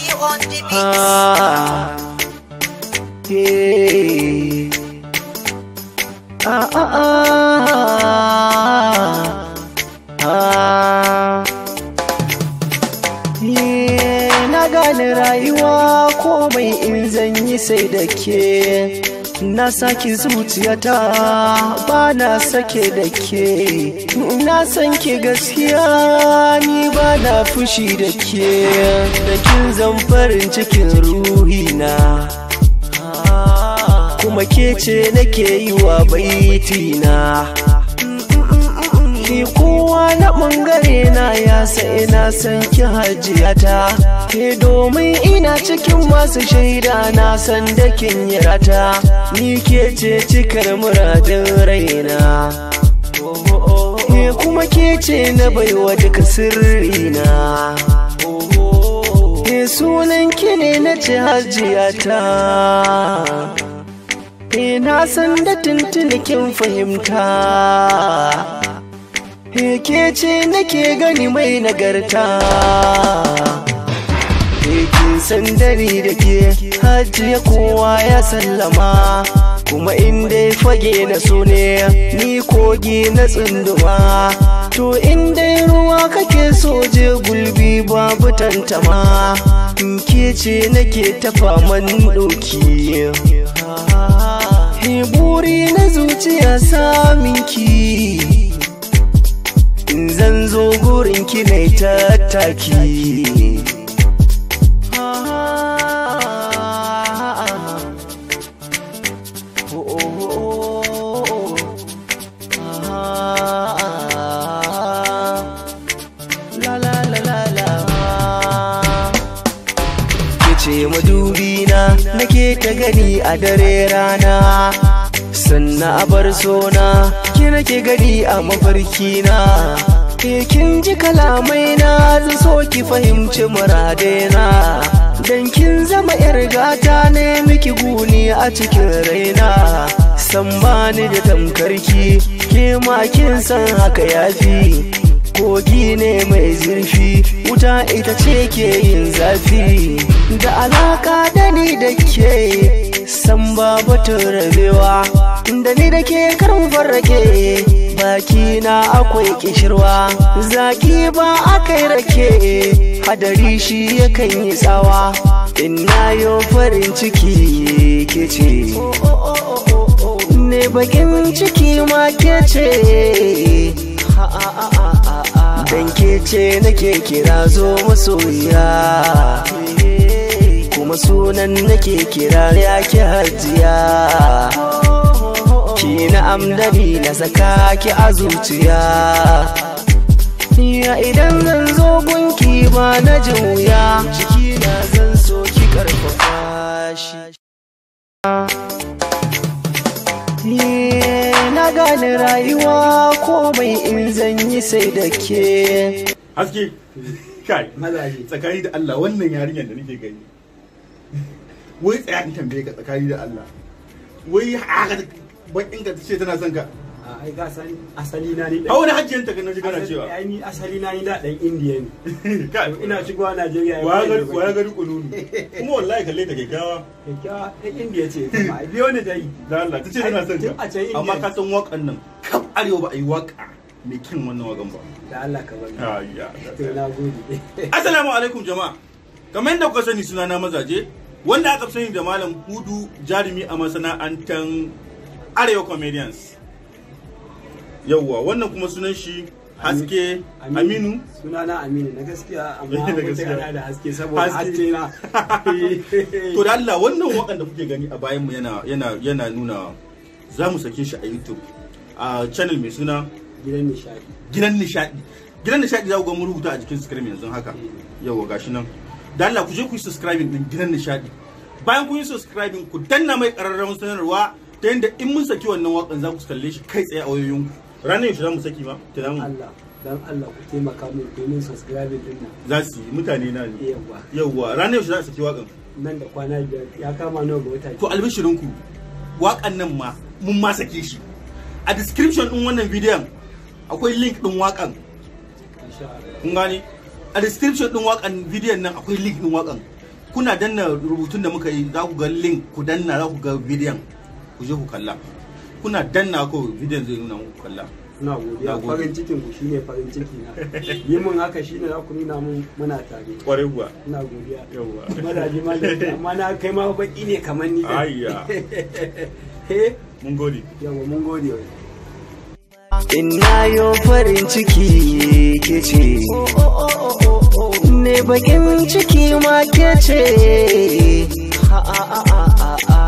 She ah, ah, ah, na gane rayuwa komai in zanyi sai da ke. na saki zuciyata ba na sake da ke na san ke gaskiya ni ba na fushi da ke da kin zan farin cikin ruhina kuma ke ce nake yi wa baitina ki kowa na bangare na ya ina san ki hajiyata ke domin ina cikin masu shaida na san da kin yi ni ke ce cikar muradin raina ke kuma ke ce na baiwa duka sirrina ke sunan ki ne na ci hajiyata na san da tuntuni kin fahimta Keke ce nake gani mai nagarta Kekin sandari da ke hajiya kowa ya sallama Kuma inda fage na sune ni kogi na tsunduma To inda ruwa kake soje gulbi babu tantama Ke ce nake tafa man ɗauki Heburi na zuciya saminki zan zo gurin ki na tattaki ce madubi na nake ta gani a dare rana sannan a bar sona ki nake gani a mafarki na Eh, kin ji kalamai na zan so ki fahimci muradena dan kin zama yar gata ne miki guni a cikin raina san bani da tamkarki ke ma kin san haka yafi kogi ne mai zurfi wuta ita ce ke yin zafi da alaka da ni da ke san ba rabewa da ni da ke karin farrake baki na akwai kishirwa zaki ba akai rake hadari shi yakan yi tsawa in na yo farin ciki ke ce ne bakin ciki ma ke ce dan ke ce nake kira zo masoya kuma sunan nake kira ya ki hajiya ki na amdadi na saka ki a zuciya ya idan zan zo gunki ba na jin wuya ciki na zan so ki karfafa shi na gane rayuwa komai in zan yi sai da ke haske kai tsakani da Allah wannan yarinyar da nake gani wai tsaya in tambaye ka tsakani da Allah wai haka bakin ka ce tana son ka ai ga asali asali na ni a wani hajjin ta kana kana cewa ai ni asali na ni da dan indiya ne kai ina shigowa najeriya wa ga wa ga riko nunu kuma wallahi kalle ta kyakkyawa kyakkyawa dan indiya ce kuma biyo ne dai dan Allah tace tana son ka amma ka san wakan nan kaf arewa ba ai waka me kin wannan wagan ba da Allah ka bani ayya ah, to na gode assalamu alaikum jama'a kamar yadda kuka sani sunana mazaje wanda aka sani da malam hudu jarumi a masana'antar arewa comedians yauwa wannan kuma sunan shi haske aminu sunana aminu na gaskiya amma mutane da haske saboda haske na to da Allah wannan wakan da kuke gani a bayan mu yana yana yana nuna za mu sake shi a YouTube a channel mai suna gidan nishadi gidan nishadi gidan nishadi za ku ga mun rubuta a jikin screen yanzu haka eh. yawa gashi nan da Allah ku je ku yi subscribing din gidan nishadi bayan ku yi subscribing ku danna mai ƙararrawar sanarwa ta yadda in mun saki wannan waƙan za ku kalle shi kai tsaye a wayoyin ku ranar yaushe za mu saki ba ta damu Allah dan Allah ku taimaka min domin subscribing din nan za su yi mutane na ne yawwa yawwa ranar yaushe za a saki waƙan. nan da kwana biyar ya kama nawa ga wata to albishirin ku wakan nan ma mun ma shi a description din wannan bidiyon akwai link din wakan kun gane a description din waƙan bidiyon nan akwai link din waƙan kuna danna rubutun da muka yi za ku ga link ku danna za ku ga bidiyon ku je ku kalla kuna danna ko bidiyon zai nuna muku kalla na godiya farin cikin ku shine farin ciki na yi mun haka shine za ku nuna mun muna tare kware guwa na godiya yawa malaji malaji amma na kai ma baki ne kamar ni ayya eh? mun gode yawa mun gode Ina yo farin ciki ke ce, ne bakin ciki ma ke ce, ha ha ha ha ha.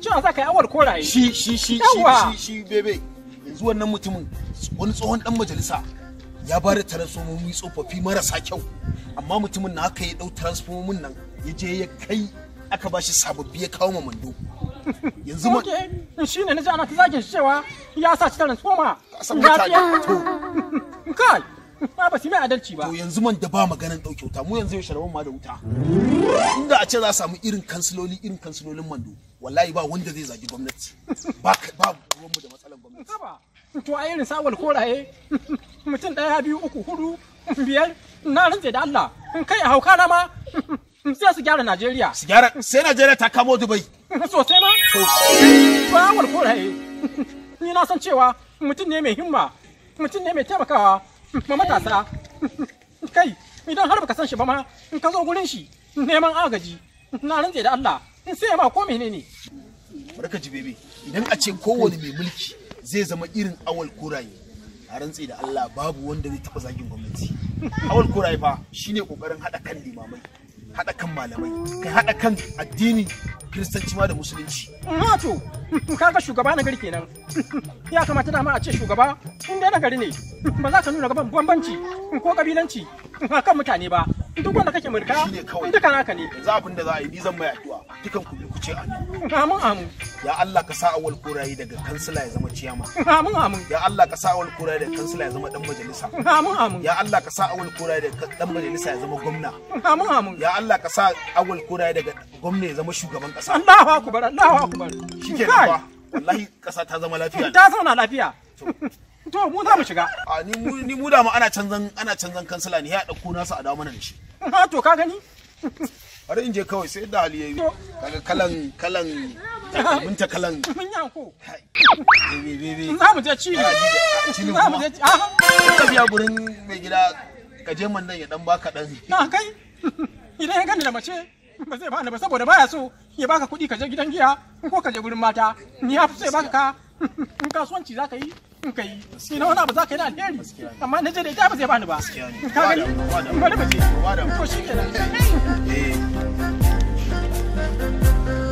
cewa za ka yi awar koraye shi shi shi shi shi bebe yanzu wannan mutumin wani tsohon dan majalisa ya ba da transformomi tsofaffi marasa kyau amma mutumin na haka ya dau transformomin nan ya je ya kai aka ba shi sababbi ya kawo ma mando yanzu ma shi ne na ji ana ta zagin cewa ya sa shi transformer kai ma ba su mai adalci ba to yanzu man da ba maganan ɗauke wuta mu yanzu yaushe rabon ma da wuta inda a ce za samu irin kansiloli irin kansilolin mando wallahi ba wanda zai zagi gwamnati ba ba mu da matsalan gwamnati to a irin sawal koraye mutum ɗaya biyu uku hudu biyar na rantse da Allah kai a hauka na ma sai su gyara Najeriya su gyara sai Najeriya ta kamo Dubai sosai ma ba wal koraye ni na san cewa mutum ne mai himma mutum ne mai taimakawa ma matasa kai idan har baka san shi ba ma in ka zo gurin shi neman agaji na rantse da Allah in sai ma ko menene barka ji bebe idan a ce kowane mai mulki zai zama irin awal koraye a rantse da Allah babu wanda zai taba zagin gwamnati awal koraye fa shine kokarin hada kan limamai hada kan malamai kai hada kan addini kiristanci ma da musulunci. mato kaga shugaba na gari kenan. Ya kamata dama a ce shugaba in dai na gari ne, ba za ka nuna gaban bambanci ko kabilanci kan mutane ba. Duk wanda kake murka duka naka ne. za da za a yi, ni zan mai addu'a. dukan ku ku ce amin amin amin ya Allah ka sa awal kurayi daga kansila ya zama ciyama amin amin ya Allah ka sa awal kurayi daga kansila ya zama dan majalisa amin amin ya Allah ka sa awal kurayi daga dan majalisa ya zama gwamna amin amin ya Allah ka sa awal kurayi daga gwamna ya zama shugaban kasa Allahu akbar Allahu akbar shikenan wallahi kasa ta zama lafiya ta zauna lafiya to mu za mu shiga a ni mu ni mu da mu ana canzan ana canzan kansila ne ya dauko nasu a dawo mana da shi ha to ka gani bari in je kawai sai da hali yi kaga kalan kalan mun ta kalan mun ya ko bebe bebe za mu je ci ci za mu je ci ka biya gurin mai gida ka je man nan ya dan baka dan na kai idan ya gani da mace ba zai bani ba saboda baya so ya baka kuɗi ka je gidan giya ko ka je gurin mata ni ya fi sai baka ka in kasuwanci za ka yi in kai shi na wani abu za ka yi da alheri amma na je da ita ba zai bani ba ka gani bari ba je ko shi kenan eh.